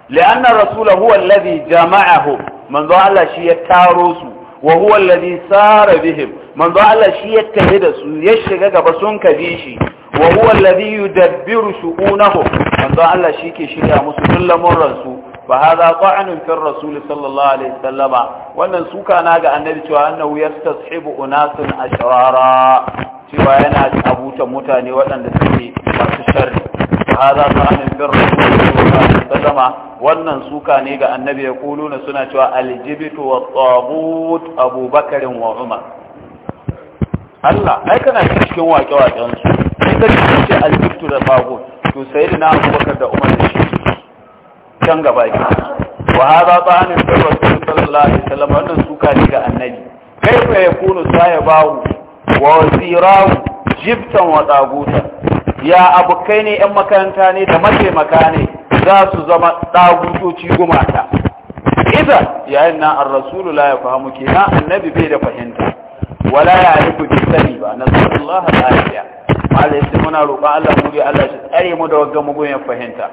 B: li'anna rasula huwa alladhi jama'ahu manzo Allah shi ya taro su wa huwa alladhi sara bihim manzo Allah shi ya tafi da su ya shiga gaba sun kabi shi wa huwa alladhi yudabbiru shu'unahu manzo Allah shi ke shirya musu dukkan lamuran fa hadha ta'anun fi rasul sallallahu alaihi wasallama wannan suka na ga annabi cewa annahu yastashibu unasun ashrara cewa yana abuta mutane waɗanda suke masu sharri fa hadha ta'anun fi sallallahu alaihi wasallama wannan suka ne ga annabi ya kuluna suna cewa aljibitu wa tagut Allah ai kana cikin wake-waken su sai ka ce aljibtu da to sai da na abubakar da umar da can gaba ke wa hada ba'anin da rasul sallallahu alaihi wasallam wannan suka ne ga annabi kai kaifa yakunu sahibahu wa wasirahu jibtan wa tagutan ya abokai ne yan makaranta ne da mataimaka ne za su zama tagutoci gumata idan yayin nan ar-rasulu la yafhamu kina annabi bai da fahimta wala ya rubu bi sani ba sallallahu alaihi wa sallam muna roƙon Allah mu Allah shi tsare mu da wagga goyen fahimta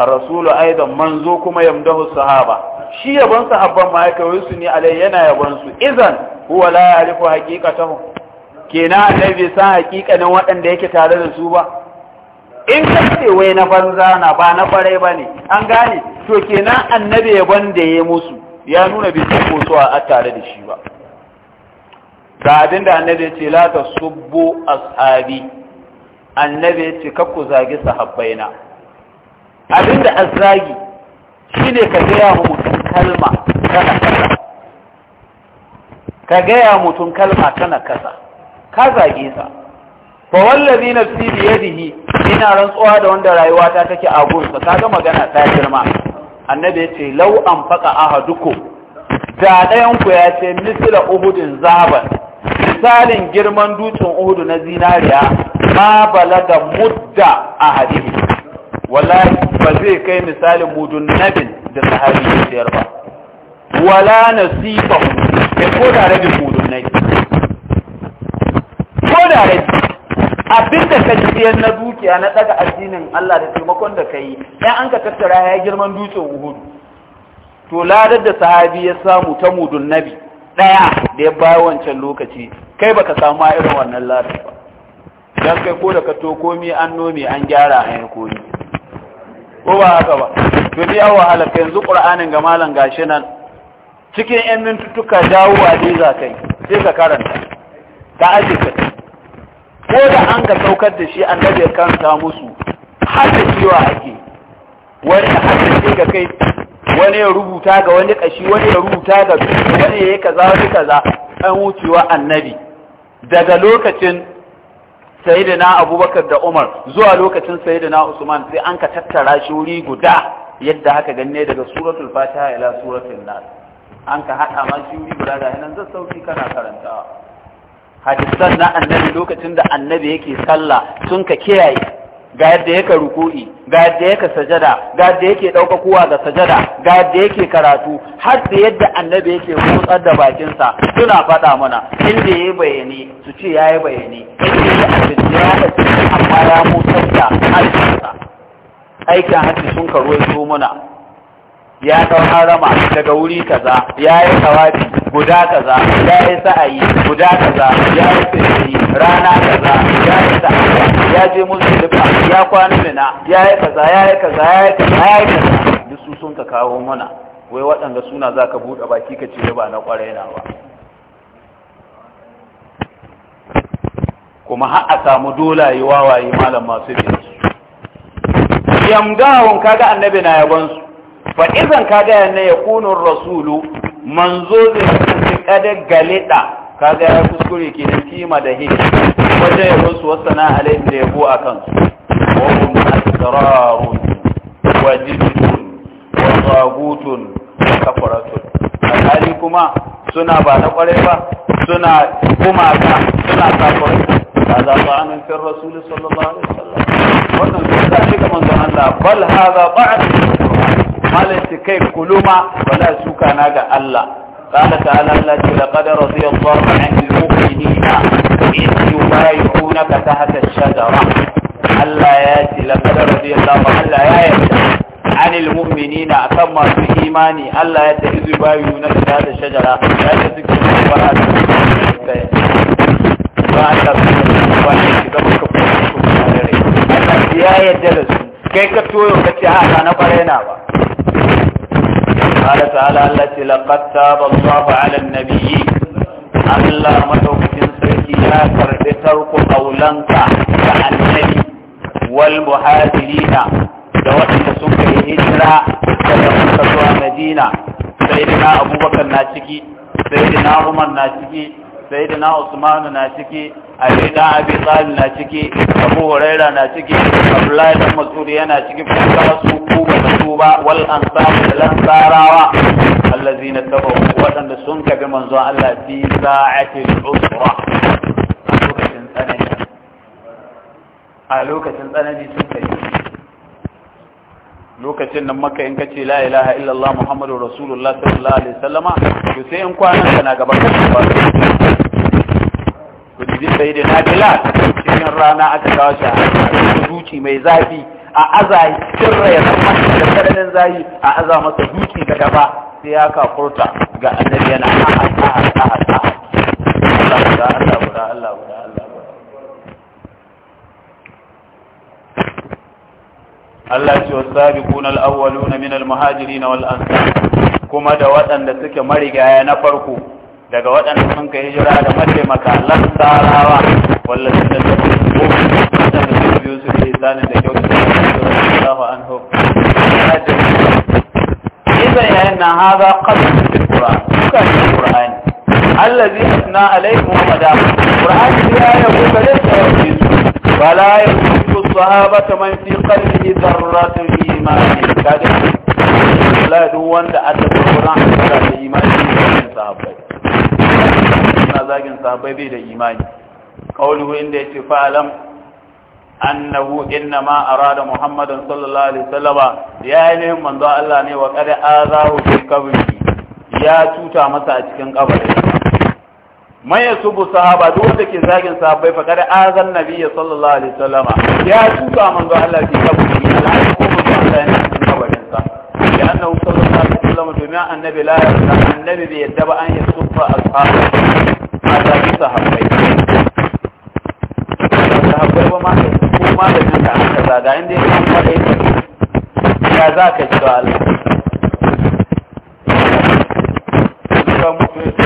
B: الرسول rasulu منزو manzo kuma الصحابه sahaba shi yabon sahabban ma yake su ne سو yana yabon su يعرف حقيقته كينا ya'rifu سا kenan annabi sa ده waɗanda yake tare da su ba in ka ce wai na banza na ba na kwarai ba ne an gane to kenan annabi yabon da ya musu ya nuna bai su ko a tare da shi ba ga abin da annabi ya ce la tasubbu ashabi annabi ya ce kakku zagi sahabbaina abinda azzagi shine ka gaya wa mutum kalma tana kasa ka gaya mutum kalma tana kasa ka zage sa fa wallazi nafsi bi yadihi ina rantsuwa da wanda rayuwa ta take a gunsa kaga magana ta girma annabi yace law faqa ahadukum da dayan ku ya ce misla uhudin zahaban misalin girman dutsen uhudu na zinariya ma balaga mudda ahadihi wallahi ba zai kai misalin mudun nabin da sahabi ya siyar ba wala nasifa kai ko da rabin mudun nabi ko da rabin abinda ka ji siyar na dukiya na daga addinin Allah da taimakon da kai ya an ka tattara ya girman dutse Uhud to ladar da sahabi ya samu ta mudun nabi daya da ya bayi wancan lokaci kai baka samu irin wannan ladar ba Don kai ko da ka to komi an nome an gyara an yi komi ko ba haka ba to dai ya ka yanzu qur'anin ga malam gashi nan cikin yan mintuttuka dawo a dai kai sai ka karanta ka aje ka ko da an ga saukar da shi annabi ya karanta musu har da cewa ake wani har da ga kai wani ya rubuta ga wani kashi wani ya rubuta ga wani ya yi kaza wani kaza an wucewa annabi daga lokacin sayyidina abubakar da umar zuwa lokacin sayyidina usman sai an ka tattara shi wuri guda yadda haka ganne daga suratul fatiha ila suratul nas an ka hada ma shi wuri guda ga nan zan sauki kana karantawa hadisan na annabi lokacin da annabi yake sallah sun ka kiyaye ga yadda yake ruku'i ga yadda yake sajada ga yadda yake ɗauka kuwa ga sajada ga yadda yake karatu har da yadda annabi yake motsar da bakinsa suna faɗa mana inda ya yi bayani su ce yayi yi bayani inda ya abinci ya amma ya da aikin hajji sun karo ya so mana ya ɗau harama daga wuri kaza ya yi tawafi guda kaza ya yi sa'ayi guda kaza ya yi fitri rana kaza ya yi sa'ayi ya je duka ya kwana mina ya yi kaza ya yi kaza ya yi kaza ya yi kaza duk su sun ka kawo mana wai waɗanda suna za ka buɗe baki ka ce ba na ƙwarai na ba kuma har a samu yi wawaye malam masu bincike. Yamdawun yamgawon kaga annabi na yabon su fa idan ka ga ne ya kunu rasulu manzo zai kasance kada galida kaga ya kuskure ke da kima da hin waje ya rusu wasana alaihi da yabo akan wa hum asrarun wa jibtun wa tagutun a kafaratun alhali kuma suna ba na kwarai ba suna kuma suna kafaratun هذا طعن في الرسول صلى الله عليه وسلم wannan sun tashi ga manzon Allah bal haza hadha ta'an malam kai kuluma wala suka na ga Allah qala ta'ala Allah ce laqad radiyallahu 'anil mu'minina in yubayyi'unaka tahta ash-shajara Allah ya ce laqad Allah ya yarda 'anil mu'minina akan masu imani Allah ya ce yubayyi'unaka tahta ash-shajara ya ce suke fara ba Allah ya yarda da su kai ka toyo ka ce a ba na kwarai na
C: ba Allah ta'ala Allah ce laqad taba Allahu 'ala nabiyyi
B: Allah madaukakin sarki ya karbi tarko kaulanka ga annabi wal muhajirina da waɗanda sun kai hijira daga Makka zuwa Madina sai dina Abubakar na ciki sai dina Umar na ciki sayyidina Usmanu na ciki Ali dan na ciki Abu Huraira na ciki Abdullahi dan Mas'ud yana ciki fa su ku ba su ba wal ansar wal ansarawa allazina tabu wadanda sun kabe Allah fi a lokacin nan maka in kace la ilaha illallah Muhammadu rasulullah sallallahu alaihi wasallama to sai in kwanan kana gaba ka ba ku ji sai da na kila cikin rana aka kawo shi zuci mai zafi a aza sirra ya zama da karanin zafi a aza masa zuci da gaba sai ya kafurta ga annabi yana a ah, a ah, a ah, a a a guda Allah a Allah ce wasu sabiquna kunal awwaluna na Minal Muhajiri na wal'ansa, kuma da waɗanda suke marigaya na farko daga waɗanda sun kai hijira da mataimaka lantarawa wallahi da ta ko da su biyu su ne sanin da kyau da Allahu anhu idan yayin na haza qasd fil qur'an suka ce qur'ani allazi asna alaykum wa da qur'ani ya yabo gare su فلا يجوز الصحابة من في قلبه ذرة إيمان كذا لا دوان da aka Qur'an da imani da sahabbai na zagin sahabbai bai da imani qawluhu inda yace fa'alam annahu innama arada muhammadan sallallahu alaihi wasallama ya yi ne manzo Allah ne wa qad azahu fi qabri ya tuta masa a cikin kabarin man yasubu sahaba duk wanda ke zagin sahabbai fa kada azan nabiyyi sallallahu alaihi wasallama ya tuka manzo Allah ki kabu kaburi alhaji ko manzo Allah yana cikin kabarin sa ya annahu sallallahu alaihi wasallama domin annabi la ya yarda annabi bai yadda ba an yasufa ashabu mata ki sahabbai sahabbai ba ma ko ma da kanka aka zaga inda ya san kada ya za ka ji Allah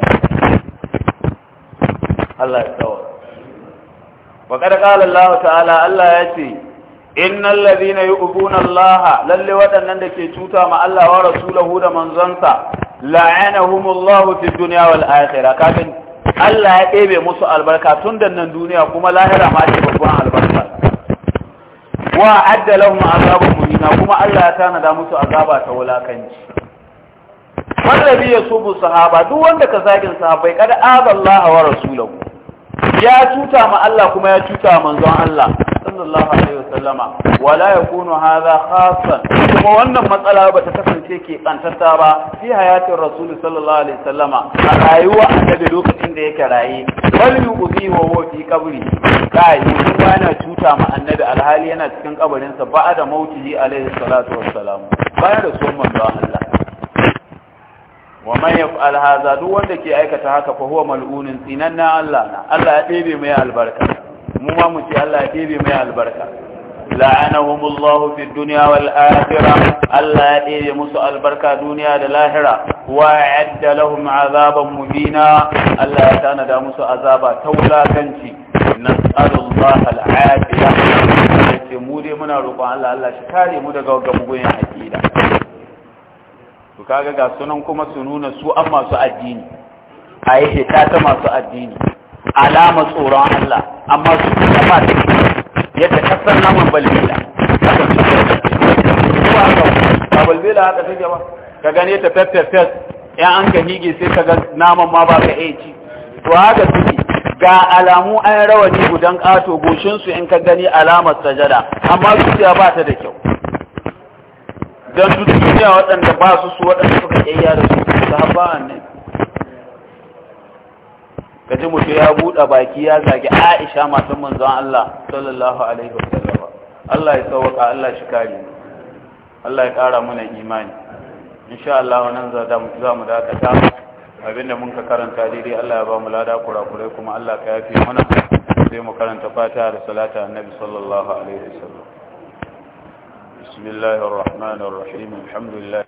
B: wa kada qala Allah ta'ala Allah ya ce innal ladhina yu'minuna Allah lalle waɗannan da ke cuta ma Allah wa rasulahu da manzonsa la'anahumullahu fi dunya wal akhirah kafin Allah ya ɗebe musu albarka tun da nan duniya kuma lahira ma ce babban albarka wa adda lahum azabun muhina kuma Allah ya tanada musu azaba ta wulakanci wallabi ya sahaba duk wanda ka zagin sahabbai kada azallaha wa rasulahu ya cuta ma Allah kuma ya cuta manzon Allah sallallahu alaihi wasallama wala yakunu hadha khassan kuma wannan matsala ba ta kasance ke kantarta ba fi hayatin rasul sallallahu alaihi wasallama a rayuwa annabi lokacin da yake raye wal yuqi wa huwa fi qabri kai yana cuta ma annabi alhali yana cikin kabarin sa ba'a da mautihi alaihi salatu wassalam bayan da sunan manzon Allah wa man yaf'al hadha duk wanda ke aikata haka fa huwa mal'unun tsinanna Allah na Allah ya ɗebe mai albarka mu ma mu ce Allah ya ɗebe mai albarka la'anahumullahu fid dunya wal akhirah Allah ya ɗebe musu albarka duniya da lahira wa adda lahum azaban mubina Allah ya tanada musu azaba taulatanci nas'alullahi al-afiya ce mu dai muna roƙon Allah Allah shi kare mu daga gaggawa mugun aqida to kaga ga sunan kuma su nuna su an masu addini a yake ta ta masu addini alama tsoron Allah amma su ta ba ta yadda kasar naman balbila haka su ba ka ba balbila haka take ba ka gane ta fefefes yan an ka hige sai ka ga naman ma ba ka ci to haka suke ga alamu an rawani gudan ƙato goshinsu in ka gani alamar sajada amma zuciya ba ta da kyau don su duniya waɗanda ba su su waɗanda suka ƙayya da su su haɓa ne ka ji mutu ya buɗa baki ya zagi aisha masu manzan Allah sallallahu alaihi wa sallam Allah ya sauka Allah shi kare Allah ya ƙara mana imani sha Allah nan za mu dakata abinda mun ka karanta daidai Allah ya ba mu lada kurakurai kuma Allah ka yafi mana
A: sai mu karanta fata da salata annabi sallallahu alaihi wasallam بسم الله الرحمن الرحيم الحمد لله